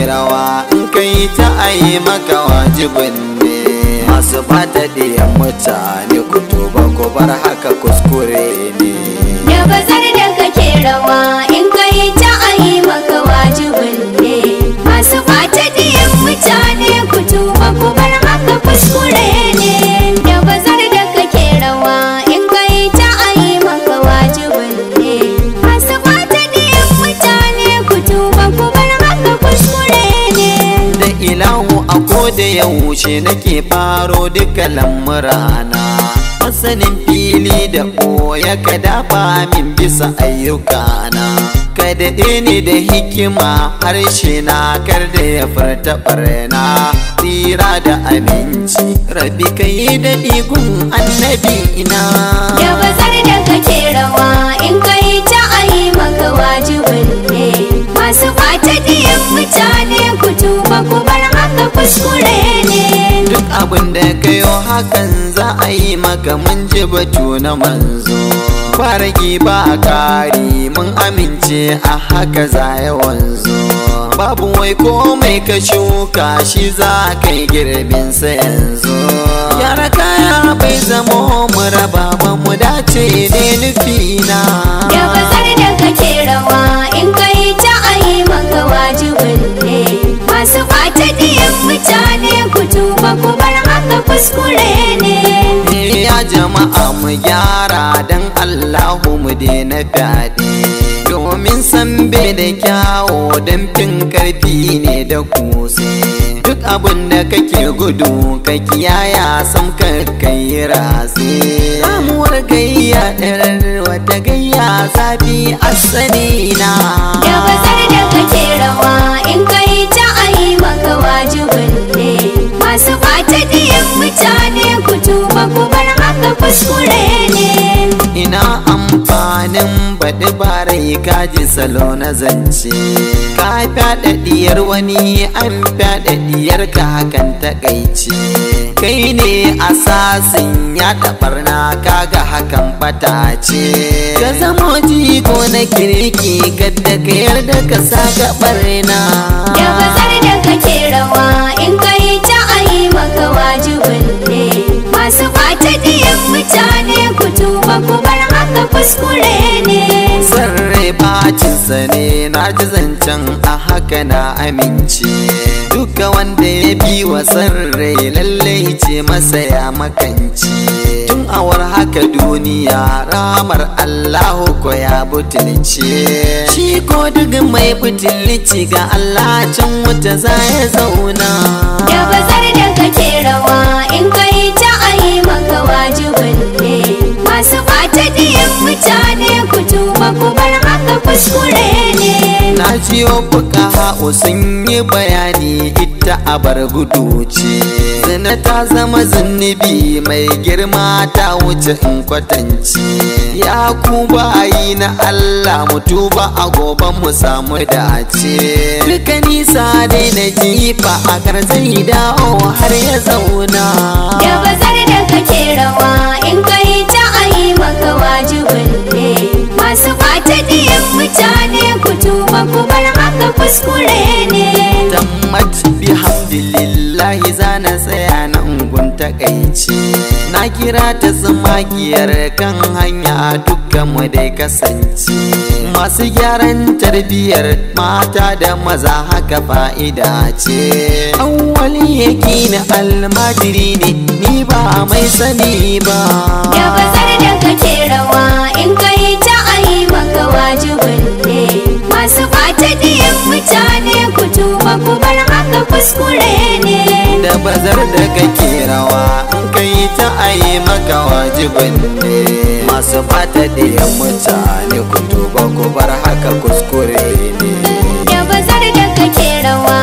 rawa in ka ta ayi maka wajibin ne masu fata da mutane ku tuba ku bar haka kuskure ne da yaushe nake faro duka lamurana masanin fili da ɓoye ka dafa min bisa ayyukana ka daɗe ni da hikima harshe na kar da ya furta ɓarna tsira da aminci rabi ka yi daɗi gun annabi ina ya bazar da kake rawa in kai. abin da kayo hakan za a yi maka mun ji batu na manzo ba ba a kari mun amince a haka za ya wanzo babu wai komai ka shuka shi za ka yi girbin sa yanzu yara kaya bai zama mu raba mu dace ne nufina kuskure ne ya jama'a mu gyara dan allahu mu daina fyaɗe domin san bai da kyawo don fin karfi ne da kusa duk abin da kake gudu ka kiyaya sam ka kai ratsi ramuwar gayya ɗarar wata gayya zafi asali na tarbiyyar mutane ku tuba ku bar haka kuskure ne ina amfanin baɗi barai kaji salo na zance ka fyaɗaɗiyar wani an fyaɗaɗiyar ka hakan takaici kai ne asasin ya tabarna kaga hakan ɓatace? ka zama jiko na kirki gadda ka yarda ka saka barna kuskure ne sarre bacin ne na ji zancen a haka na amince duka wanda ya bi wa sarrai lallai ce masa ya makance tun awar haka duniya ramar allahu ko ya butulce shi ko duk mai butulci ga allah can wuta za ya zauna na jiyo fuka sun yi bayani ita abar gudu ce zina ta zama zunubi mai girma ta wuce in kwatanci ya ku na allah mutu ba a goban mu samu dace duka nisa dai na jifa a karzai dawo har ya zauna da bazar da kake rawa in kai ta a yi maka wajibin na kira ta tsamakiyar kan hanya duka mu dai kasance masu gyaran tarbiyyar mata da maza haka fa'ida ce awwal yake na almadiri ne ni ba mai sani ba ya bazar da kake rawa in kai ta ayi maka wajibin ne masu fata diyan mutane ku tuba ku bar haka kuskure ne da bazar da kake rawa ita a yi maka wajibin ne masu fata da mutu mutane ku tuba ku bar haka kuskure ne ya bazar da kake rawa